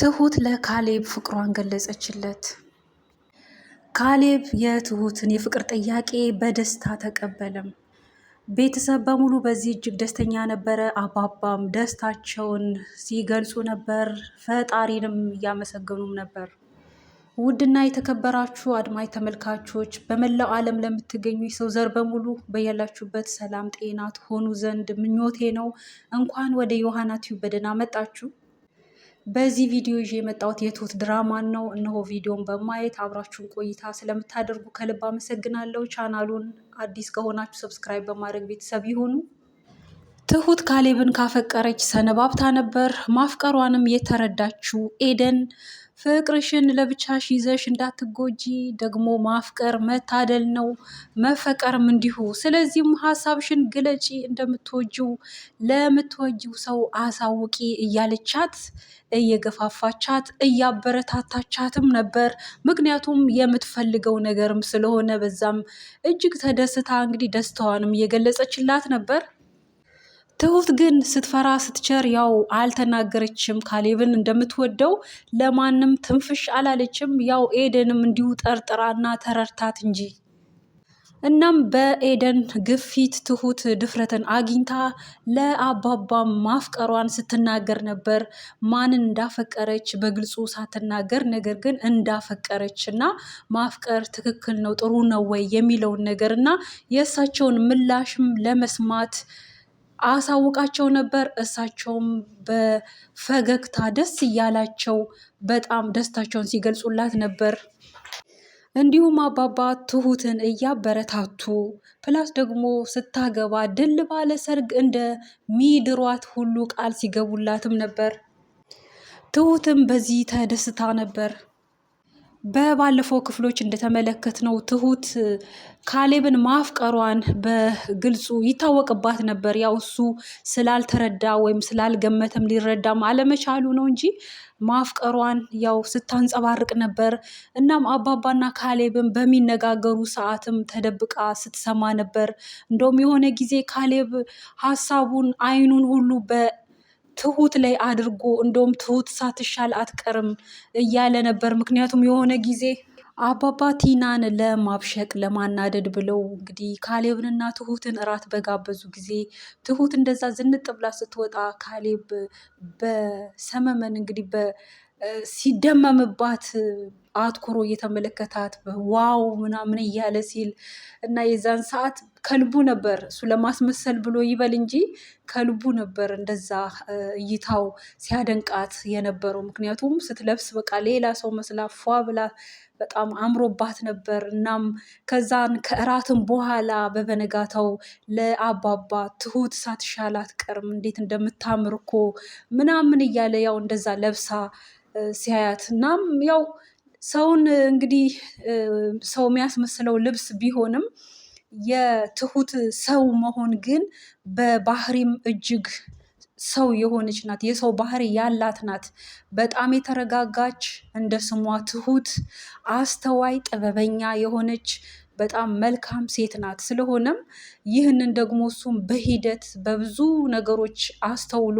ትሁት ለካሌብ ፍቅሯን ገለጸችለት። ካሌብ የትሁትን የፍቅር ጥያቄ በደስታ ተቀበለም። ቤተሰብ በሙሉ በዚህ እጅግ ደስተኛ ነበረ። አባባም ደስታቸውን ሲገልጹ ነበር፣ ፈጣሪንም እያመሰገኑም ነበር። ውድና የተከበራችሁ አድማጭ ተመልካቾች በመላው ዓለም ለምትገኙ የሰው ዘር በሙሉ በያላችሁበት ሰላም ጤና ትሆኑ ዘንድ ምኞቴ ነው። እንኳን ወደ ዮሐና ቲዩብ በደህና መጣችሁ። በዚህ ቪዲዮ ይዤ የመጣሁት የትሁት ድራማን ነው። እነሆ ቪዲዮን በማየት አብራችሁን ቆይታ ስለምታደርጉ ከልብ አመሰግናለሁ። ቻናሉን አዲስ ከሆናችሁ ሰብስክራይብ በማድረግ ቤተሰብ ይሁኑ። ትሁት ካሌብን ካፈቀረች ሰነባብታ ነበር። ማፍቀሯንም የተረዳችው ኤደን ፍቅርሽን ለብቻሽ ይዘሽ እንዳትጎጂ። ደግሞ ማፍቀር መታደል ነው፣ መፈቀርም እንዲሁ። ስለዚህም ሀሳብሽን ግለጪ፣ እንደምትወጂው ለምትወጂው ሰው አሳውቂ እያለቻት እየገፋፋቻት እያበረታታቻትም ነበር። ምክንያቱም የምትፈልገው ነገርም ስለሆነ በዛም እጅግ ተደስታ እንግዲህ ደስታዋንም እየገለጸችላት ነበር። ትሁት ግን ስትፈራ ስትቸር ያው አልተናገረችም። ካሌብን እንደምትወደው ለማንም ትንፍሽ አላለችም። ያው ኤደንም እንዲሁ ጠርጥራና ተረድታት እንጂ። እናም በኤደን ግፊት ትሁት ድፍረትን አግኝታ ለአባባ ማፍቀሯን ስትናገር ነበር። ማንን እንዳፈቀረች በግልጹ ሳትናገር፣ ነገር ግን እንዳፈቀረች እና ማፍቀር ትክክል ነው ጥሩ ነው ወይ የሚለውን ነገር እና የእሳቸውን ምላሽም ለመስማት አሳውቃቸው ነበር። እሳቸውም በፈገግታ ደስ እያላቸው በጣም ደስታቸውን ሲገልጹላት ነበር። እንዲሁም አባባ ትሁትን እያበረታቱ ፕላስ ደግሞ ስታገባ ድል ባለ ሰርግ እንደሚድሯት ሁሉ ቃል ሲገቡላትም ነበር። ትሁትም በዚህ ተደስታ ነበር። በባለፈው ክፍሎች እንደተመለከትነው ትሁት ካሌብን ማፍቀሯን በግልጹ ይታወቅባት ነበር። ያው እሱ ስላልተረዳ ወይም ስላልገመተም ሊረዳም አለመቻሉ ነው እንጂ ማፍቀሯን ያው ስታንጸባርቅ ነበር። እናም አባባና ካሌብን በሚነጋገሩ ሰዓትም ተደብቃ ስትሰማ ነበር። እንደውም የሆነ ጊዜ ካሌብ ሀሳቡን አይኑን ሁሉ በ ትሁት ላይ አድርጎ እንደውም ትሁት ሳትሻል አትቀርም እያለ ነበር። ምክንያቱም የሆነ ጊዜ አባባ ቲናን ለማብሸቅ ለማናደድ ብለው እንግዲህ ካሌብንና ትሁትን እራት በጋበዙ ጊዜ ትሁት እንደዛ ዝንጥ ብላ ስትወጣ ካሌብ በሰመመን እንግዲህ ሲደመምባት አትኩሮ እየተመለከታት ዋው ምናምን እያለ ሲል እና የዛን ሰዓት ከልቡ ነበር እሱ ለማስመሰል ብሎ ይበል እንጂ ከልቡ ነበር እንደዛ እይታው ሲያደንቃት የነበረው። ምክንያቱም ስትለብስ በቃ ሌላ ሰው መስላ ፏ ብላ በጣም አምሮባት ነበር። እናም ከዛን ከእራትም በኋላ በበነጋታው ለአባባ ትሁት ሳትሻል አትቀርም እንዴት እንደምታምር እኮ ምናምን እያለ ያው እንደዛ ለብሳ ሲያያት እናም ያው ሰውን እንግዲህ ሰው የሚያስመስለው ልብስ ቢሆንም የትሁት ሰው መሆን ግን በባህሪም እጅግ ሰው የሆነች ናት። የሰው ባህሪ ያላት ናት። በጣም የተረጋጋች እንደ ስሟ ትሁት አስተዋይ፣ ጥበበኛ የሆነች በጣም መልካም ሴት ናት። ስለሆነም ይህንን ደግሞ እሱም በሂደት በብዙ ነገሮች አስተውሎ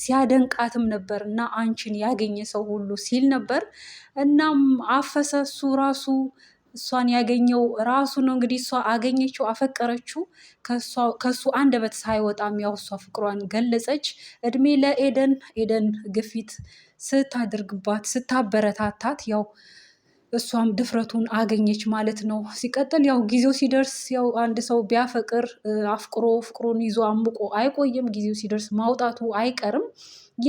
ሲያደንቃትም ነበር እና አንቺን ያገኘ ሰው ሁሉ ሲል ነበር። እናም አፈሰ እሱ ራሱ እሷን ያገኘው ራሱ ነው። እንግዲህ እሷ አገኘችው፣ አፈቀረችው። ከእሱ አንደበት ሳይወጣም ያው እሷ ፍቅሯን ገለጸች። እድሜ ለኤደን ኤደን ግፊት ስታደርግባት ስታበረታታት ያው እሷም ድፍረቱን አገኘች ማለት ነው። ሲቀጥል ያው ጊዜው ሲደርስ ያው አንድ ሰው ቢያፈቅር አፍቅሮ ፍቅሩን ይዞ አምቆ አይቆይም። ጊዜው ሲደርስ ማውጣቱ አይቀርም።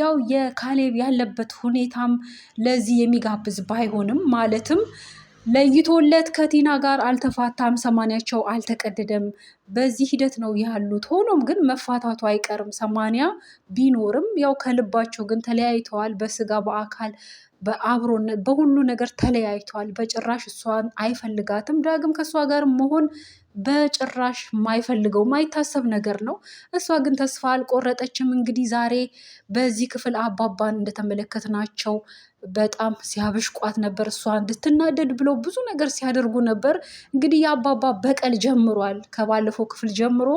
ያው የካሌብ ያለበት ሁኔታም ለዚህ የሚጋብዝ ባይሆንም ማለትም ለይቶለት ከቲና ጋር አልተፋታም፣ ሰማንያቸው አልተቀደደም። በዚህ ሂደት ነው ያሉት። ሆኖም ግን መፋታቱ አይቀርም። ሰማንያ ቢኖርም ያው ከልባቸው ግን ተለያይተዋል በስጋ በአካል በአብሮነት በሁሉ ነገር ተለያይተዋል። በጭራሽ እሷን አይፈልጋትም። ዳግም ከእሷ ጋር መሆን በጭራሽ ማይፈልገው ማይታሰብ ነገር ነው። እሷ ግን ተስፋ አልቆረጠችም። እንግዲህ ዛሬ በዚህ ክፍል አባባን እንደተመለከትናቸው በጣም ሲያብሽቋት ነበር። እሷ እንድትናደድ ብለው ብዙ ነገር ሲያደርጉ ነበር። እንግዲህ የአባባ በቀል ጀምሯል። ከባለፈው ክፍል ጀምሮ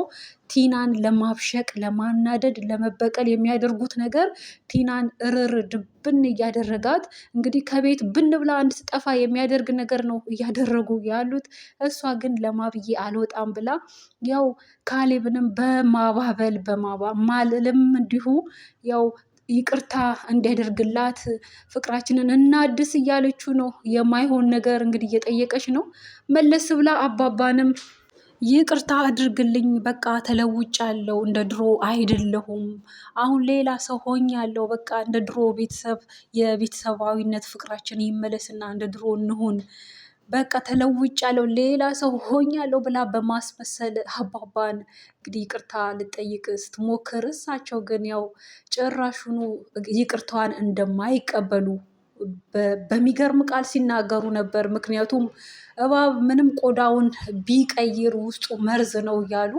ቲናን ለማብሸቅ፣ ለማናደድ፣ ለመበቀል የሚያደርጉት ነገር ቲናን እርር ድብን እያደረጋት እንግዲህ ከቤት ብን ብላ እንድትጠፋ የሚያደርግ ነገር ነው እያደረጉ ያሉት። እሷ ግን ለማብዬ አልወጣም ብላ ያው ካሌብንም በማባበል በማማልልም እንዲሁ ያው ይቅርታ እንዲያደርግላት ፍቅራችንን እናድስ እያለችው ነው። የማይሆን ነገር እንግዲህ እየጠየቀች ነው። መለስ ብላ አባባንም ይቅርታ አድርግልኝ፣ በቃ ተለውጫለሁ፣ እንደ ድሮ አይደለሁም፣ አሁን ሌላ ሰው ሆኛለሁ። በቃ እንደ ድሮ ቤተሰብ የቤተሰባዊነት ፍቅራችን ይመለስና እንደ ድሮ እንሁን በቃ ተለውጫለሁ፣ ሌላ ሰው ሆኛለሁ ብላ በማስመሰል አባባን እንግዲህ ይቅርታ ልጠይቅ ስትሞክር እሳቸው ግን ያው ጭራሹኑ ይቅርታዋን እንደማይቀበሉ በሚገርም ቃል ሲናገሩ ነበር። ምክንያቱም እባብ ምንም ቆዳውን ቢቀይር ውስጡ መርዝ ነው እያሉ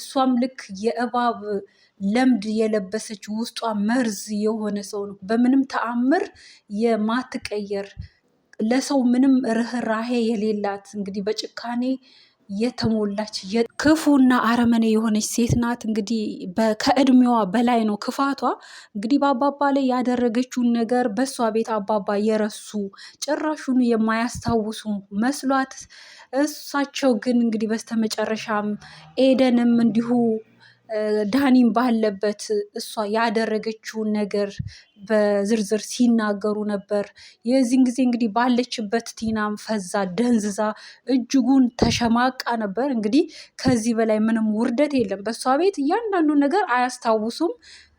እሷም ልክ የእባብ ለምድ የለበሰች ውስጧ መርዝ የሆነ ሰው ነው በምንም ተአምር የማትቀየር ለሰው ምንም ርኅራሄ የሌላት እንግዲህ በጭካኔ የተሞላች ክፉና አረመኔ የሆነች ሴት ናት። እንግዲህ ከእድሜዋ በላይ ነው ክፋቷ። እንግዲህ በአባባ ላይ ያደረገችውን ነገር በእሷ ቤት አባባ የረሱ ጭራሹን የማያስታውሱ መስሏት እሳቸው ግን እንግዲህ በስተመጨረሻም ኤደንም እንዲሁ ዳኒም ባለበት እሷ ያደረገችውን ነገር በዝርዝር ሲናገሩ ነበር። የዚህን ጊዜ እንግዲህ ባለችበት ቲናም ፈዛ ደንዝዛ እጅጉን ተሸማቃ ነበር። እንግዲህ ከዚህ በላይ ምንም ውርደት የለም። በእሷ ቤት እያንዳንዱን ነገር አያስታውሱም።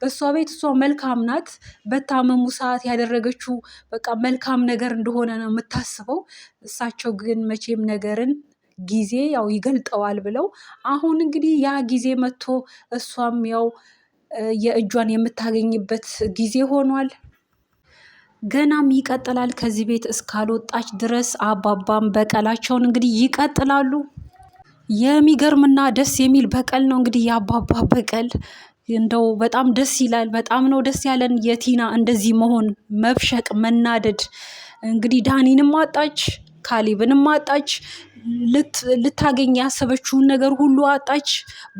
በእሷ ቤት እሷ መልካም ናት። በታመሙ ሰዓት ያደረገችው በቃ መልካም ነገር እንደሆነ ነው የምታስበው። እሳቸው ግን መቼም ነገርን ጊዜ ያው ይገልጠዋል ብለው አሁን እንግዲህ ያ ጊዜ መጥቶ እሷም ያው የእጇን የምታገኝበት ጊዜ ሆኗል። ገናም ይቀጥላል። ከዚህ ቤት እስካልወጣች ድረስ አባባም በቀላቸውን እንግዲህ ይቀጥላሉ። የሚገርምና ደስ የሚል በቀል ነው እንግዲህ የአባባ በቀል እንደው በጣም ደስ ይላል። በጣም ነው ደስ ያለን የቲና እንደዚህ መሆን፣ መብሸቅ፣ መናደድ። እንግዲህ ዳኒንም አጣች፣ ካሊብንም አጣች። ልታገኝ ያሰበችውን ነገር ሁሉ አጣች፣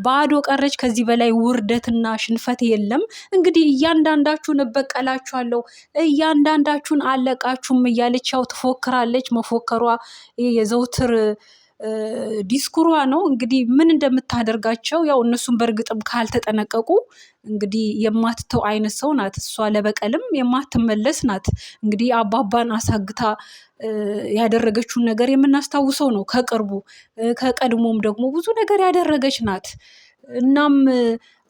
ባዶ ቀረች። ከዚህ በላይ ውርደትና ሽንፈት የለም። እንግዲህ እያንዳንዳችሁን እበቀላችኋለሁ፣ እያንዳንዳችሁን አለቃችሁም እያለች ያው ትፎክራለች። መፎከሯ የዘውትር ዲስኩሯ ነው እንግዲህ ምን እንደምታደርጋቸው ያው እነሱን በእርግጥም ካልተጠነቀቁ እንግዲህ የማትተው አይነት ሰው ናት። እሷ ለበቀልም የማትመለስ ናት። እንግዲህ አባባን አሳግታ ያደረገችውን ነገር የምናስታውሰው ነው ከቅርቡ። ከቀድሞም ደግሞ ብዙ ነገር ያደረገች ናት። እናም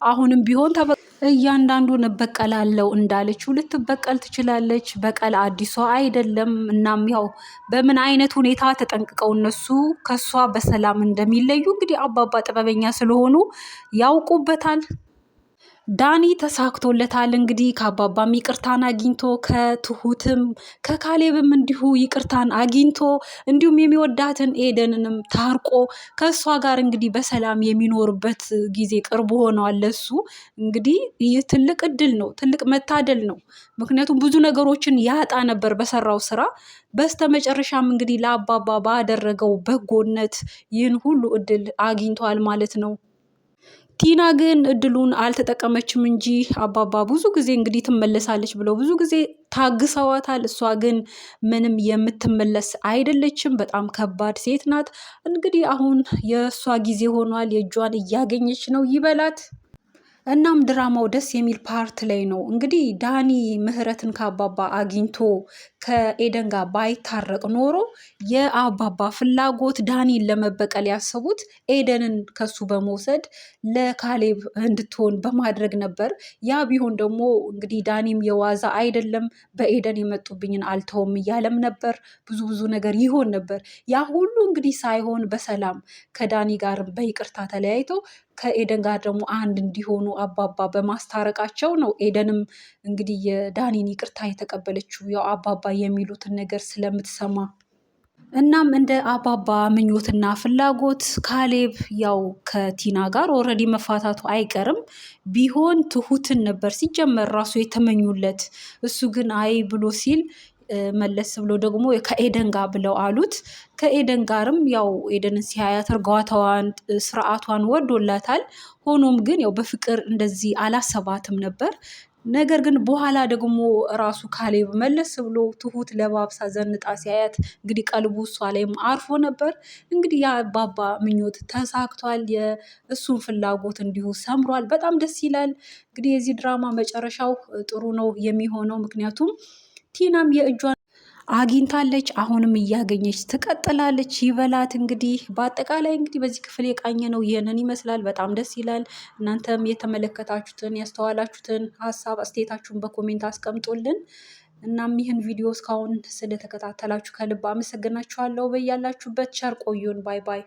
አሁንም ቢሆን ተበ እያንዳንዱን እበቀላለው እንዳለችው ልትበቀል ትችላለች። በቀል አዲሷ አይደለም። እናም ያው በምን አይነት ሁኔታ ተጠንቅቀው እነሱ ከሷ በሰላም እንደሚለዩ እንግዲህ አባባ ጥበበኛ ስለሆኑ ያውቁበታል። ዳኒ ተሳክቶለታል። እንግዲህ ከአባባም ይቅርታን አግኝቶ ከትሁትም ከካሌብም እንዲሁ ይቅርታን አግኝቶ እንዲሁም የሚወዳትን ኤደንንም ታርቆ ከእሷ ጋር እንግዲህ በሰላም የሚኖርበት ጊዜ ቅርቡ ሆነዋል። ለሱ እንግዲህ ይህ ትልቅ እድል ነው፣ ትልቅ መታደል ነው። ምክንያቱም ብዙ ነገሮችን ያጣ ነበር በሰራው ስራ። በስተመጨረሻም እንግዲህ ለአባባ ባደረገው በጎነት ይህን ሁሉ እድል አግኝቷል ማለት ነው። ቲና ግን እድሉን አልተጠቀመችም እንጂ አባባ ብዙ ጊዜ እንግዲህ ትመለሳለች ብለው ብዙ ጊዜ ታግሰዋታል። እሷ ግን ምንም የምትመለስ አይደለችም። በጣም ከባድ ሴት ናት። እንግዲህ አሁን የእሷ ጊዜ ሆኗል። የእጇን እያገኘች ነው። ይበላት። እናም ድራማው ደስ የሚል ፓርት ላይ ነው እንግዲህ ዳኒ ምህረትን ከአባባ አግኝቶ ከኤደን ጋር ባይታረቅ ኖሮ የአባባ ፍላጎት ዳኒን ለመበቀል ያሰቡት ኤደንን ከሱ በመውሰድ ለካሌብ እንድትሆን በማድረግ ነበር። ያ ቢሆን ደግሞ እንግዲህ ዳኒም የዋዛ አይደለም፣ በኤደን የመጡብኝን አልተውም እያለም ነበር። ብዙ ብዙ ነገር ይሆን ነበር። ያ ሁሉ እንግዲህ ሳይሆን በሰላም ከዳኒ ጋር በይቅርታ ተለያይተው ከኤደን ጋር ደግሞ አንድ እንዲሆኑ አባባ በማስታረቃቸው ነው። ኤደንም እንግዲህ የዳኒን ይቅርታ የተቀበለችው ያው አባባ የሚሉትን ነገር ስለምትሰማ እናም እንደ አባባ ምኞትና ፍላጎት ካሌብ ያው ከቲና ጋር ኦልሬዲ መፋታቱ አይቀርም። ቢሆን ትሁትን ነበር ሲጀመር ራሱ የተመኙለት። እሱ ግን አይ ብሎ ሲል መለስ ብሎ ደግሞ ከኤደን ጋር ብለው አሉት። ከኤደን ጋርም ያው ኤደንን ሲያያት እርጋታዋን፣ ስርዓቷን ወዶላታል። ሆኖም ግን ያው በፍቅር እንደዚህ አላሰባትም ነበር። ነገር ግን በኋላ ደግሞ ራሱ ካሌብ መለስ ብሎ ትሁት ለባብሳ ዘንጣ ሲያያት እንግዲህ ቀልቡ እሷ ላይም አርፎ ነበር። እንግዲህ የአባባ ምኞት ተሳክቷል። የእሱን ፍላጎት እንዲሁ ሰምሯል። በጣም ደስ ይላል። እንግዲህ የዚህ ድራማ መጨረሻው ጥሩ ነው የሚሆነው ምክንያቱም ቲናም የእጇን አግኝታለች። አሁንም እያገኘች ትቀጥላለች። ይበላት እንግዲህ። በአጠቃላይ እንግዲህ በዚህ ክፍል የቃኘ ነው ይህንን ይመስላል። በጣም ደስ ይላል። እናንተም የተመለከታችሁትን ያስተዋላችሁትን ሀሳብ አስተያየታችሁን በኮሜንት አስቀምጦልን። እናም ይህን ቪዲዮ እስካሁን ስለተከታተላችሁ ከልብ አመሰግናችኋለሁ። በያላችሁበት ቸር ቆዩን። ባይ ባይ።